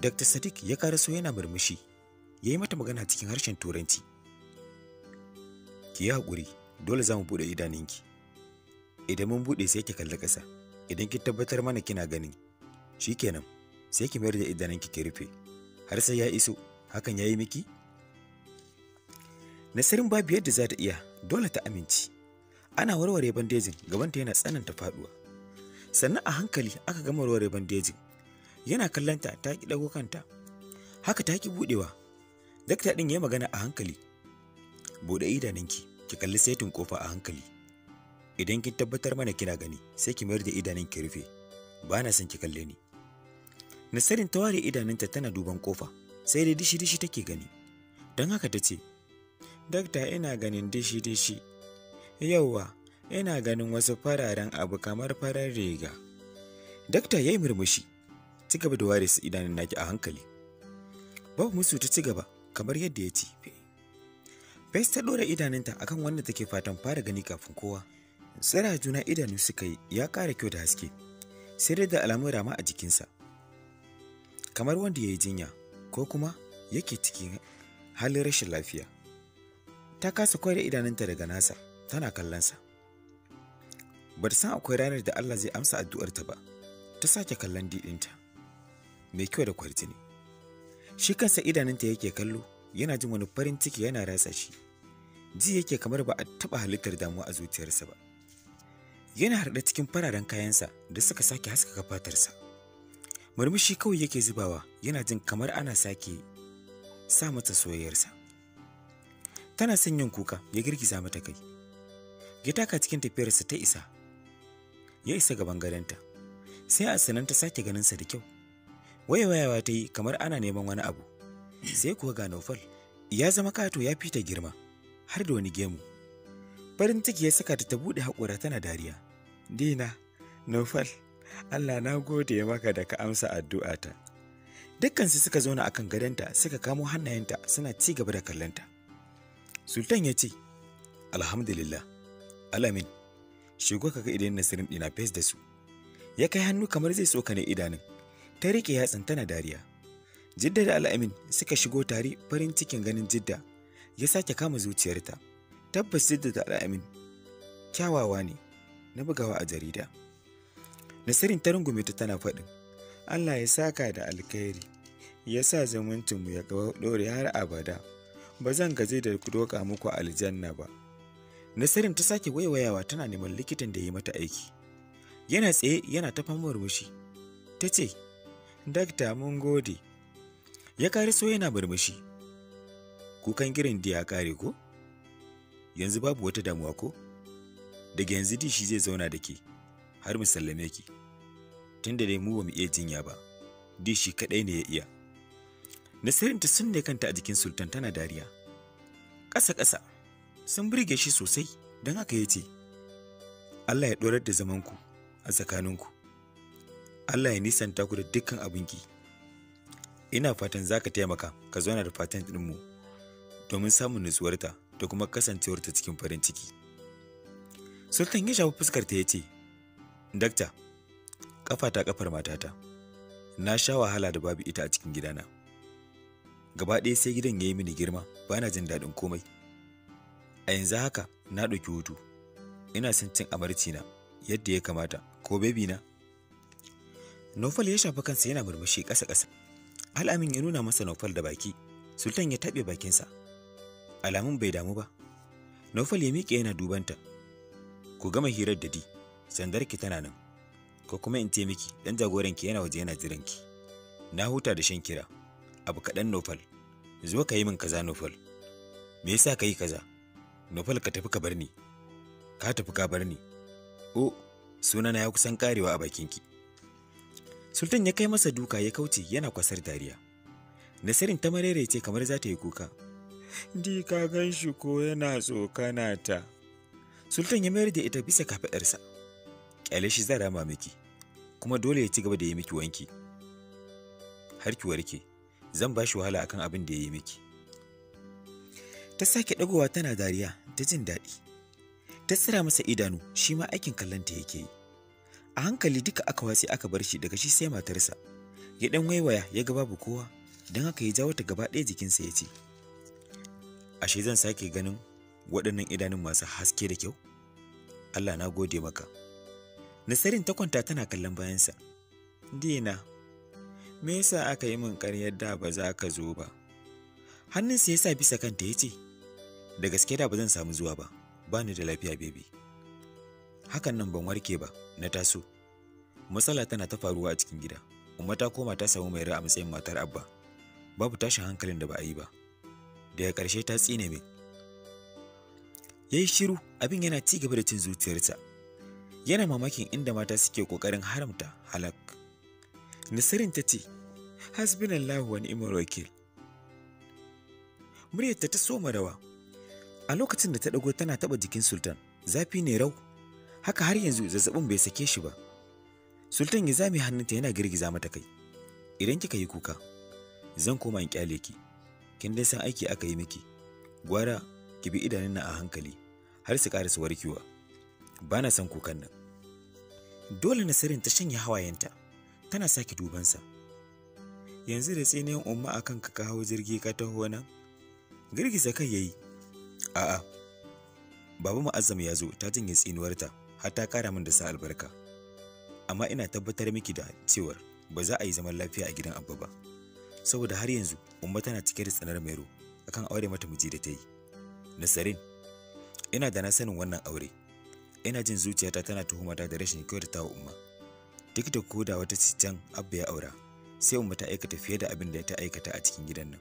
Dr. Sadiq ya karaso yana murmushi, ya yi mata magana cikin harshen Turanci. Ki yi hakuri dole za mu buɗe idanunki. Idan mun buɗe sai ki kalli ƙasa, idan ki tabbatar mana kina ganin. Shi kenan, sai ki mayar da idanunki ki rufe, har sai ya iso, hakan ya yi miki? Nasirin babu yadda za ta iya, dole ta amince. Ana warware bandejin, gabanta yana tsananta faɗuwa. Sannan a hankali aka gama warware bandejin, yana kallanta ta ki dago kanta haka ta ki budewa dakta din ya magana a hankali bude idanunki ki kalli saitin kofa a hankali idan kin tabbatar mana kina gani sai ki mayar da idanun ki rufe ba na son ki kalle ni Nasarin ta ware idanunta tana duban kofa sai dai dishi dishi take gani don haka ta ce dakta ina ganin dishi dishi yauwa ina ganin wasu fararen abu kamar farar riga dakta ya yi murmushi ci gaba da ware su idanun naki a hankali babu musu ta ci gaba kamar yadda ya ci Fes ta ɗora idanunta akan wanda take fatan fara gani kafin kowa tsira juna idanu suka yi ya ƙara kyau da haske sai dai da alamun rama a jikinsa kamar wanda ya yi jinya ko kuma yake cikin halin rashin lafiya ta kasa kwai idanunta daga nasa tana kallonsa bata san akwai ranar da Allah zai amsa addu'arta ba ta sake kallon diɗinta mai kyau da kwartini shi kansa idanunta yake kallo yana jin wani farin ciki yana ratsa shi ji yake kamar ba a taɓa halittar damuwa a zuciyarsa ba yana harɗa cikin fararen kayansa da suka sake haskaka fatarsa murmushi kawai yake zubawa yana jin kamar ana sake sa mata soyayyarsa tana son yin kuka ya girgiza mata kai ya taka cikin tafiyarsa ta isa ya isa gaban gadonta sai a sananta sake ganinsa da kyau wayewayawa ta yi kamar ana neman wani abu sai kuwa ga Naufal ya zama kato ya fita girma har da wani gemu farin ciki ya saka ta ta buɗe haƙura tana dariya dina Naufal Allah na gode maka da ka amsa addu'ata dukkansu suka zauna akan gadonta suka kamo hannayenta suna ci gaba da kallonta sultan ya ce alhamdulillah alamin shigo ka ga idan nasirin dina fes da su ya kai hannu kamar zai tsokane idanun ta riƙe yatsin tana dariya jidda da al'amin suka shigo tare farin cikin ganin jidda ya sake kama zuciyarta tabbas jidda da al'amin kyawawa ne na bugawa a jarida nasirin ta rungume ta tana faɗin allah ya saka da alkhairi ya sa zamancinmu ya ɗore har abada ba zan gaje da doka muku aljanna ba nasirin ta sake waiwayawa tana neman likitan da ya mata aiki yana tsaye yana ta murmushi ta ce dakta mun gode ya so yana murmushi kukan girin da ya kare ko yanzu babu wata damuwa ko daga yanzu di shi zai zauna da ke har mu sallame ki tunda dai mu ba mu iya jinya ba di shi kaɗai ne ya iya Nasirin ta sunne kanta a jikin Sultan tana dariya. Ƙasa-ƙasa sun burge shi sosai don haka ya ce, Allah ya ɗorar da zamanku a tsakaninku. Allah ya nisanta ku da dukkan abinki. Ina fatan za ka taimaka ka zauna da fatan ɗinmu domin samun nutsuwarta da kuma kasancewarta cikin farin ciki. Sultan ya shafi fuskarta ya ce, Dakta, ƙafa ta ƙafar matata, na sha wahala da babu ita a cikin gidana. Gaba ɗaya sai gidan ya yi mini girma, ba na jin daɗin komai. A yanzu haka na ɗauki hutu, ina son cin amarci na yadda ya kamata, ko bebi na Nofal ya shafi kansa yana murmushi ƙasa-ƙasa. Al'amin ya nuna masa Nofal da baki, Sultan ya taɓe bakinsa. Alamun bai damu ba. Nofal ya miƙe yana dubanta. Ku gama hirar da di, sandarki tana nan. Ko kuma in ce miki, ɗan jagoranki yana waje yana jiranki. Na huta da shan kira. Abu kaɗan Nofal. Zo ka yi min kaza Nofal. Me yasa ka yi kaza? Nofal ka tafi ka bar ni. Ka tafi ka bar ni. O, oh, sunana ya kusan karewa a bakinki. Sultan ya kai masa duka ya kauce yana kwasar dariya. Nasirin ta ce kamar za ta yi kuka. Di ka gan shi ko yana tsokana ta. Sultan ya mayar da ita bisa kafaɗarsa. Ƙyale shi zara mamaki, kuma dole ya ci gaba da yi miki wanki. Har ki warke, zan ba shi wahala akan abin da ya yi miki. Ta sake ɗagowa tana dariya ta jin daɗi. Ta tsira masa idanu, shi ma aikin kallonta yake yi. a hankali duka aka watsi aka bar shi daga shi sai matarsa ya dan waiwaya ya ga babu kowa don haka ya jawo ta gaba ɗaya jikinsa ya ce ashe zan sake ganin waɗannan idanun masu haske da kyau Allah na gode maka Nasarin ta kwanta tana kallon bayansa Dina me yasa aka yi min ƙaryar da ba za ka zo ba hannunsa ya sa bisa kanta ya ce da gaske da ba zan samu zuwa ba bani da lafiya bebi hakan nan ban warke ba na taso matsala tana ta faruwa a cikin gida umma ta koma ta samu mai a matsayin matar abba babu tashin hankalin da ba a yi ba daga ƙarshe ta tsine min yayi shiru abin yana ci gaba da cin zuciyarta. yana mamakin inda mata suke ƙoƙarin haramta halak nasirin ta ce hasbinallahu wani ni'mal wakil muryarta ta soma rawa a lokacin da ta ɗago tana taɓa jikin sultan zafi ne rau haka har yanzu zazzabin bai sake shi ba sultan ya zame hannunta yana girgiza mata kai idan kika yi kuka zan koma in kyale ki kin dai san aiki aka yi miki gwara ki bi idanun na a hankali har su ƙara su warkewa ba na san kukan nan dole na sirin ta shanye hawayenta tana sake dubansa yanzu da tsiniyan umma a kan ka hau jirgi ka taho nan girgiza kai yayi a'a baba mu'azzam ya zo ta janye tsinuwarta har ta ƙara min da sa albarka amma ina tabbatar miki da cewar ba za a yi zaman lafiya a gidan abba ba saboda har yanzu umma tana cike da tsanar mairo akan aure mata miji da ta yi nasarin ina da na sanin wannan aure ina jin zuciyata tana tuhumata da rashin kyautata wa umma duk da ko da wata can abba ya aura sai umma ta aikata fiye da abin da ta aikata a cikin gidan nan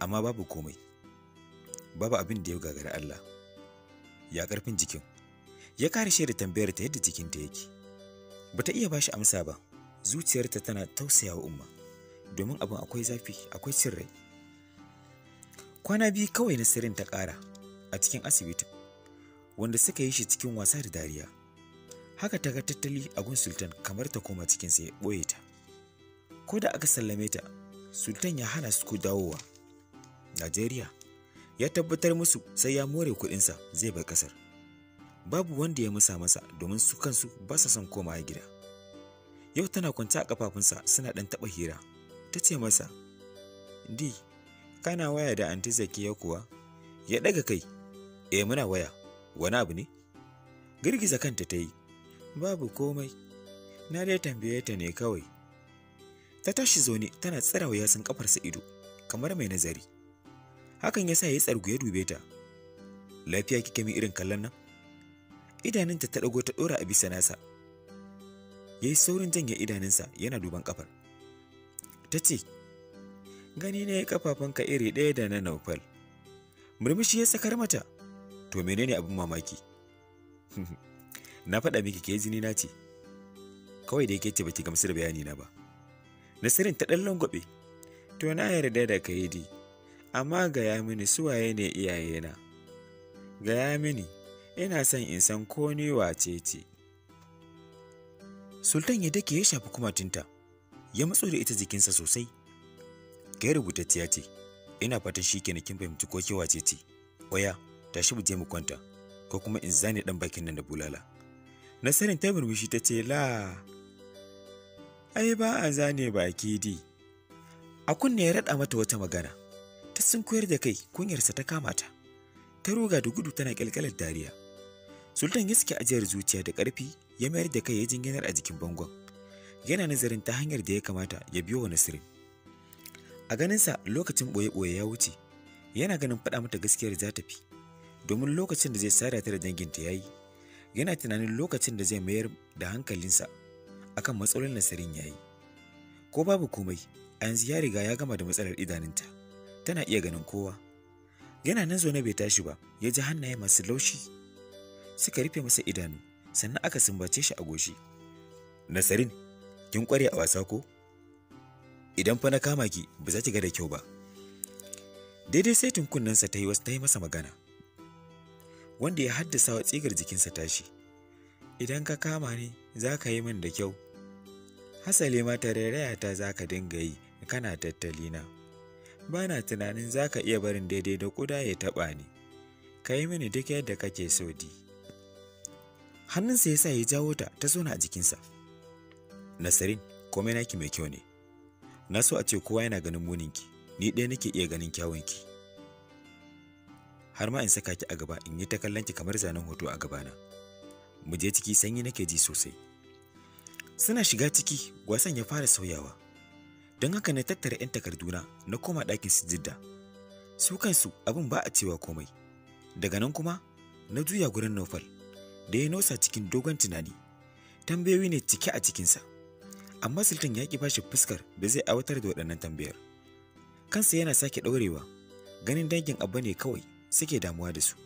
amma babu komai babu abin da ya gagara Allah ya karfin jikin Ya karshe da tambayar ta yadda jikinta yake. Bata iya bashi amsa ba, zuciyarta tana tausayawa umma, domin abin akwai zafi, akwai cin rai. Kwana biyu kawai na sirrin ta ƙara a cikin asibiti. wanda suka yi shi cikin wasa da dariya. Haka ta ga tattali a gun Sultan kamar ta koma cikin ya ɓoye ta. Ko da aka sallame ta, Sultan ya hana su dawowa. Najeriya ya tabbatar musu sai ya more kuɗinsa zai bar ƙasar. babu wanda ya musa masa domin su kansu ba sa son komawa gida yau tana kwance a kafafunsa suna ɗan taɓa hira ta ce masa di kana waya da anti ya kuwa ya daga kai eh muna waya wani abu ne girgiza kanta ta yi babu komai na dai tambaye ta ne kawai ta tashi zaune tana wa yatsun kafarsa ido kamar mai nazari hakan ya sa ya tsargu ya dube ta lafiya kike min irin kallon nan idanunta ta dago ta ɗora a bisa nasa ya yi saurin janye idanunsa yana duban kafar ta ce gani ne kafafanka iri ɗaya da na naufal murmushi ya sakar mata to menene abin mamaki na faɗa miki ke jini na ce kawai da yake ce baki gamsu da bayani na ba nasirin ta ɗan langwabe to na yarda da kai di. amma gaya mini suwaye ne iyayena gaya mini ina son in san ko ni wace ce. Sultan ya dake ya shafi kumatinta, ya matso da ita jikinsa sosai. Kai rubutacciya ce, ina fatan shi kenan kin fahimci ko ke wace ce. Oya, tashi mu je mu kwanta, ko kuma in zane dan bakin nan da bulala. Nasarin ta murmushi ta ce la. Ai ba a zane baki di. A kunne ya raɗa mata wata magana. Ta sun koyar da kai kunyarsa ta kama ta. ta ruga da gudu tana kyalkyalar dariya. Sultan ya saki ajiyar zuciya da ƙarfi ya mayar da kai ya jinginar a jikin bangon. Yana nazarin ta hanyar da ya kamata ya biyo wa Nasirin. A ganinsa lokacin ɓoye-ɓoye ya wuce, yana ganin faɗa mata gaskiyar za ta fi, domin lokacin da zai sada ta da danginta ya yi, yana tunanin lokacin da zai mayar da hankalinsa akan matsalolin Nasirin ya yi. Ko babu komai, a yanzu ya riga ya gama da matsalar idanunta, tana iya ganin kowa. Yana nan zaune bai tashi ba, ya ji hannaye masu laushi suka rufe masa idanu sannan aka sumbace shi a goshi nasarin kin kware a wasa ko idan fa na kama ki ba za ki ga da kyau ba daidai sai tunkunnansa ta yi wasu ta yi masa magana wanda ya haddasa wa tsigar jikinsa tashi idan ka kama ni za ka yi min da kyau hasali ma rairaya ta za ka dinga yi kana tattali na ba na tunanin za ka iya barin daidai da kuda ya taɓa ni ka yi mini duk yadda kake so di hannunsa ya sa ya jawo ta ta zauna a jikinsa nasarin komai naki mai kyau ne na so a ce kowa yana ganin muninki ni ɗaya nake iya ganin kyawunki har ma in saka ki a gaba in yi ta kallon ki kamar zanen hoto a gabana mu je ciki sanyi nake ji sosai suna shiga ciki gwasan ya fara sauyawa don haka na tattara 'yan takarduna na koma ɗakin sujidda su kansu abin ba a cewa komai daga nan kuma na juya gurin nufal. da ya nosa cikin dogon tunani tambayoyi ne cike a cikinsa amma sultan ya ƙi bashi fuskar da zai aiwatar da waɗannan tambayar kansa yana sake ɗaurewa ganin dangin abu ne kawai suke damuwa da su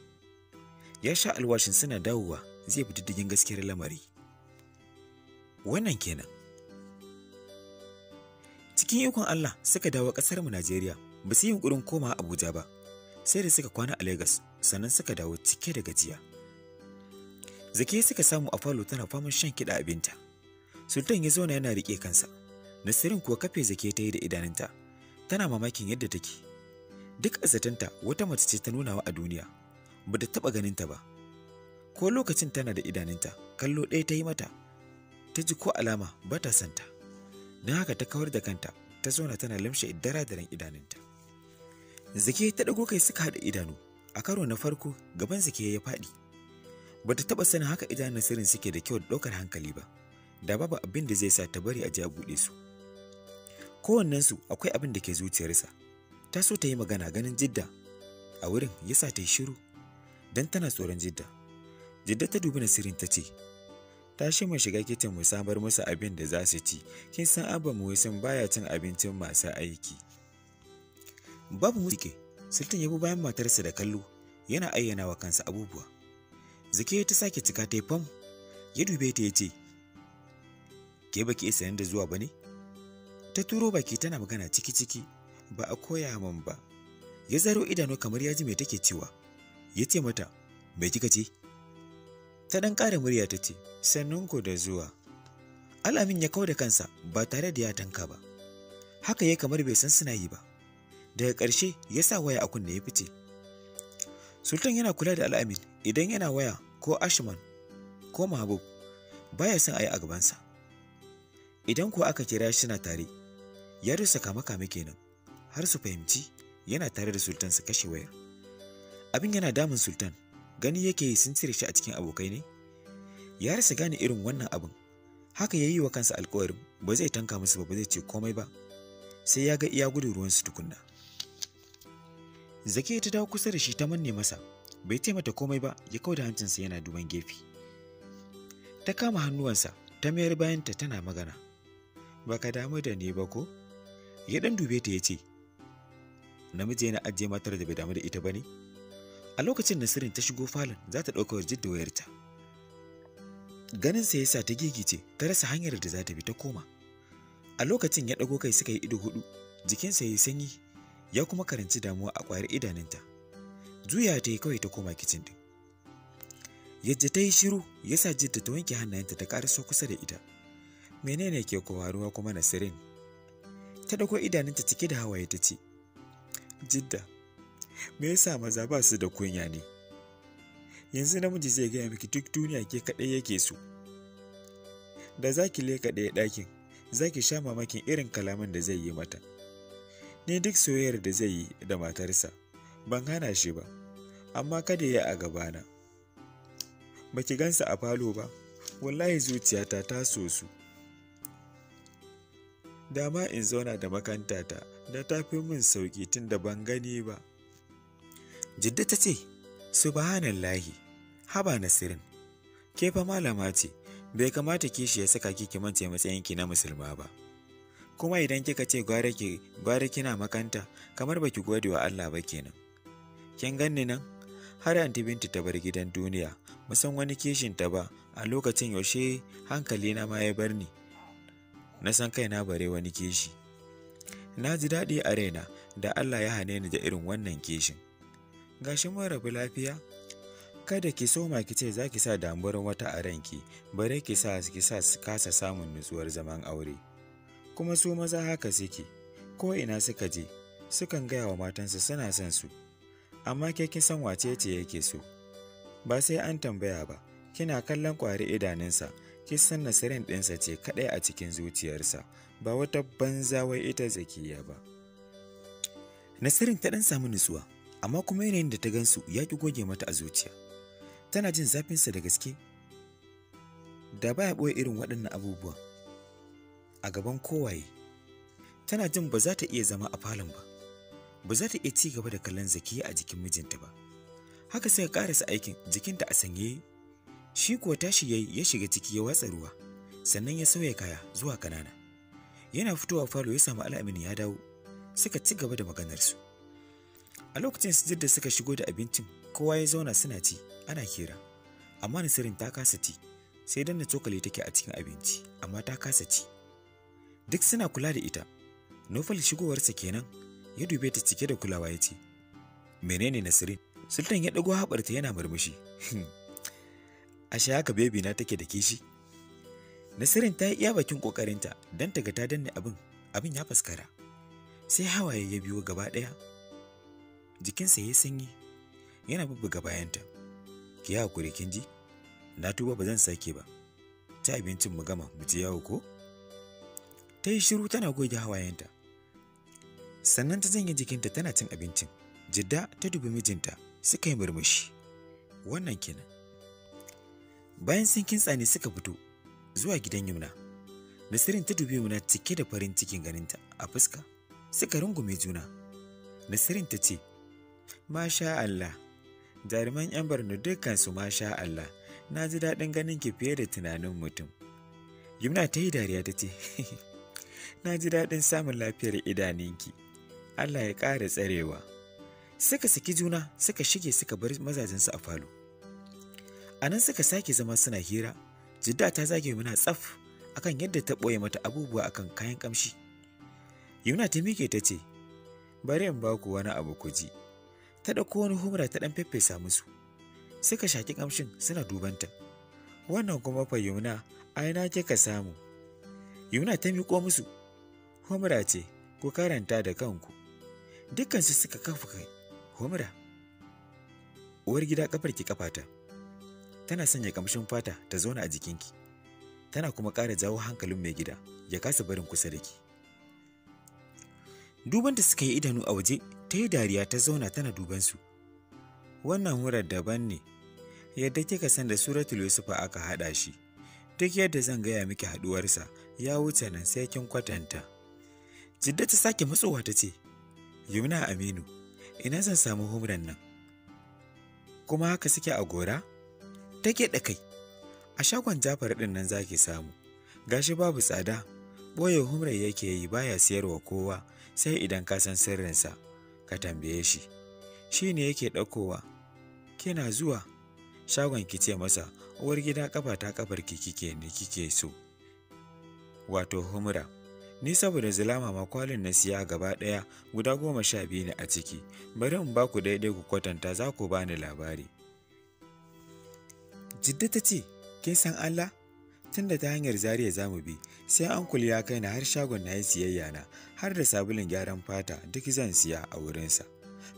ya sha alwashin suna dawowa zai fi diddigin gaskiyar lamari wannan kenan cikin ikon Allah suka dawo ƙasar mu Najeriya ba su yi yunkurin komawa Abuja ba sai da suka kwana a Lagos sannan suka dawo cike da gajiya Zakiya suka samu a falo tana faman shan kiɗa abinta. Sultan ya zauna yana riƙe kansa. Nasirin kuwa kafe zake ta yi da idanunta. Tana mamakin yadda take. Duk azatanta wata mace ce ta nunawa a duniya. Ba ta taɓa ganinta ba. Ko lokacin tana da idanunta, kallo ɗaya ta yi mata. Ta ji ko alama ba ta santa. Don haka ta kawar da kanta, ta zauna tana lamshe daren idanunta. zake ta ɗago kai suka haɗa idanu. A karo na farko, gaban zake ya faɗi. Bata taba taɓa sanin haka idanun sirrin suke da kyau da ɗaukar hankali ba da babu abin da zai sa ta bari a ji a buɗe su kowannensu akwai abin da ke zuciyarsa ta so ta yi magana ganin jidda a wurin ya sa ta yi shiru don tana tsoron jidda jidda ta dubi nasirin ta ce ta shi mai shiga kitin mu samar musu abin da za su ci kin san abba mu san baya cin abincin masu aiki babu mutike sultan ya bi bayan matarsa da kallo yana ayyana wa kansa abubuwa Zakiya ta sake cika ta fam ya dube ta ya ce, Ke baki isa da zuwa ba ne? Ta turo baki tana magana ciki-ciki ba a koya min ba. Ya zaro idanu kamar ya ji me take cewa. Ya ce mata, Me kika ce? Ta ɗan ƙara murya ta ce, sannun ku da zuwa. Alamin ya kau kansa ba tare da ya tanka ba. Haka ya kamar bai san suna yi ba. Daga ƙarshe ya sa waya a kunne ya fice. Sultan yana kula da Al'amin idan yana waya ko Ashman ko Mahabub baya son a yi a gabansa. Idan kuwa aka kira shi suna tare, ya rusa kame kenan har su fahimci yana tare da Sultan su kashe wayar. Abin yana damun Sultan, gani yake yi sun cire shi a cikin abokai ne? Ya rasa gane irin wannan abin, haka ya yi wa kansa alkawarin ba zai tanka musu ba ba zai ce komai ba, sai ya ga iya gudu ruwan su tukunna. Zakiya ta dawo kusa da shi ta manne masa. Bai ce mata komai ba, ya kawo da hancinsa yana duban gefe. Ta kama hannuwansa, ta mayar bayanta tana magana. Baka damu da ni ba ko? Ya dan dube ta ya ce, Namiji yana ajiye matar da bai damu da ita ba ne? A lokacin Nasirin ta shigo falon za ta ɗauka wajen da wayarta. Ganin sa yasa ta gigice, ta rasa hanyar da za ta bi ta koma. A lokacin ya ɗago kai suka yi ido hudu, jikinsa ya yi sanyi ya kuma karanci damuwa a kwayar idanunta juya ta yi kawai ta koma kicin din yadda ta yi shiru ya sa jidda ta wanke hannayenta ta ƙaraso kusa da ita menene ke kowaruwa kuma nasirin ta ɗauko idanunta cike da hawaye ta ce jidda me yasa maza ba su da kunya ne yanzu namiji zai gaya miki duk duniya ke kaɗai yake so da za ki leka ɗaya ɗakin za ki sha mamakin irin kalaman da zai yi mata ni duk soyayyar da zai yi da matarsa ban hana shi ba amma kada ya a gabana ba ki gansa a falo ba wallahi zuciyata ta so su dama in zauna da makantata da ta fi min sauki tun da ban gani ba jidda ta ce subhanallahi haba nasirin ke fa malama ce bai kamata kishi ya saka ki ki mance matsayinki na musulma ba kuma idan kika ce gwara ki gwara kina makanta kamar baki gode wa Allah ba kenan kin ganni nan har anti binti ta bar gidan duniya musan wani kishin ta ba a lokacin yaushe hankali na ma ya bar ni na san kai na bare wani kishi na ji daɗi a raina da Allah ya hane ni da irin wannan kishin gashi mun rabu lafiya kada ki soma ki ce za ki sa damuwar wata a ranki bare ki sa ki sa kasa samun nutsuwar zaman aure kuma su maza haka suke ko ina suka je sukan gaya wa matansu suna son su amma ke kin san wace ce yake so ba sai an tambaya ba kina kallon kwari idanunsa kin san nasirin ɗinsa ce kaɗai a cikin zuciyarsa ba wata banza wai ita zakiya ba nasirin ta ɗan samu nutsuwa amma kuma yanayin da ta gansu ya ƙi goge mata a zuciya tana jin zafinsa da gaske da baya ɓoye irin waɗannan abubuwan a gaban kowaye tana jin ba za ta iya zama a falon ba ba za ta iya ci gaba da kallon zaki a jikin mijinta ba haka sai karasa aikin jikinta a sanye shi kuwa tashi yayi ya shiga ciki ya watsa ruwa sannan ya sauya kaya zuwa kanana yana fitowa falo ya samu al'amin ya dawo suka ci gaba da maganarsu a lokacin su da suka shigo da abincin kowa ya zauna suna ci ana kira amma nasirin ta kasa ci sai danna cokali take a cikin abinci amma ta kasa ci duk suna kula da ita nufal shigowarsa kenan ya dube ta cike da kulawa ya ce menene nasirin sultan ya ɗago haɓarta yana murmushi hmm, ashe haka bebi na take da kishi nasirin ta yi iya bakin ƙoƙarinta don ta ga ta danne abin abin ya faskara sai hawaye ya biyo gaba ɗaya jikinsa ya sanyi yana bubbuga bayanta ki yi hakuri kin ji na tuba ba zan sake ba ta abincin mu gama mu je yawo ko ta yi shiru tana goge hawayenta sannan ta janye jikinta tana cin abincin jidda ta dubi mijinta suka yi murmushi wannan kenan bayan sun kintsa ne suka fito zuwa gidan yumna nasirin ta dubi yumna cike da farin cikin ganinta a fuska suka rungume juna nasirin ta ce masha allah jaruman yan barno su masha allah na ji daɗin ganin ki fiye da tunanin mutum yumna ta yi dariya ta ce na ji daɗin samun lafiyar idanunki. Allah ya ƙara tsarewa suka saki juna suka shige suka bar mazajensu a falo a nan suka sake zama suna hira jidda ta zage muna tsaf akan yadda ta ɓoye mata abubuwa akan kayan ƙamshi yuna ta miƙe ta ce bari in ba ku wani abu ku ji ta ɗauko wani humra ta ɗan feffesa musu suka shaki ƙamshin suna dubanta wannan kuma fa yuna na ke ka samu yuna ta miƙo musu Humra ce, ku karanta da kanku. Dukkansu suka kafa kai, Humra. Uwar gida ki kafata. Tana sanya kamshin fata ta zauna a jikinki. Tana kuma ƙara jawo hankalin mai gida ya kasa barin kusa da ki. Duban da suka yi idanu a waje, ta yi dariya ta zauna tana duban su. Wannan hurar daban ne, yadda kika san da suratul Yusufa aka haɗa shi. Duk yadda zan gaya miki haɗuwarsa ya wuce nan sai kin kwatanta. Jidda ta sake matsowa ta ce, Yumna Aminu, ina zan samu humran nan? Kuma haka suke a gora? Ta da kai, a shagon jafar ɗin nan za ki samu, gashi babu tsada, ɓoye humrar yake yi baya siyarwa kowa sai idan ka san sirrinsa, ka tambaye shi. Shi ne yake ɗaukowa, kina zuwa, shagon ki ce masa, uwar gida ƙafa ta ƙafar ki kike ne kike so. Wato humra. Ni saboda zulama ma kwalin na siya gaba ɗaya guda goma sha biyu ne a ciki, bari in ba ku daidai ku kwatanta za ku bani labari. Jidda ta ce, kin san Allah? Tunda ta hanyar zariya za mu bi, sai an ankul ya kai na har shagon na yi siyayya na, har da sabulin gyaran fata duk zan siya a wurinsa.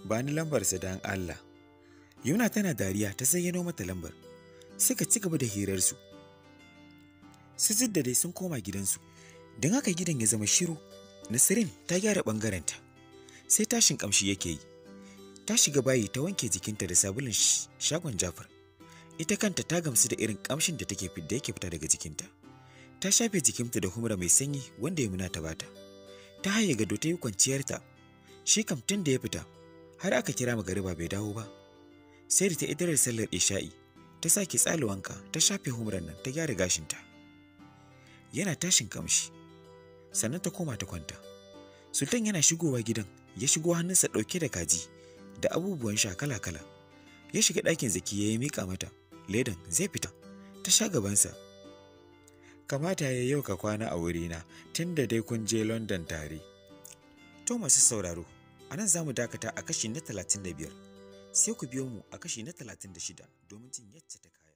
Ba ni lambarsa don Allah. Yuna tana dariya ta zayyano mata lambar. Suka ci gaba da hirarsu. Su jidda dai sun koma gidansu. don haka gidan ya zama shiru nasirin ta gyara ɓangarenta sai tashin kamshi yake yi ta shiga bayi ta wanke jikinta da sabulun shagon jafar ita kanta ta gamsu da irin kamshin da take da yake fita daga jikinta ta shafe jikinta da humra mai sanyi wanda ya muna ta bata ta haye gado ta yi kwanciyarta shi kam tun da ya fita har aka kira magariba bai dawo ba sai da ta idarar sallar isha'i ta sake tsali wanka ta shafe humran nan ta gyara gashinta yana tashin kamshi sannan ta koma ta kwanta sultan yana shigowa gidan ya shigo hannunsa ɗauke da kaji da abubuwan sha kala-kala ya shiga ɗakin zaki ya yi miƙa mata ledan zai fita ta sha gabansa kamata ya yau ka kwana a wurina tun da dai kun je london tare to masu sauraro a nan za mu dakata a kashi na talatin da biyar sai ku biyo mu a kashi na talatin da shida domin jin yadda ta kare.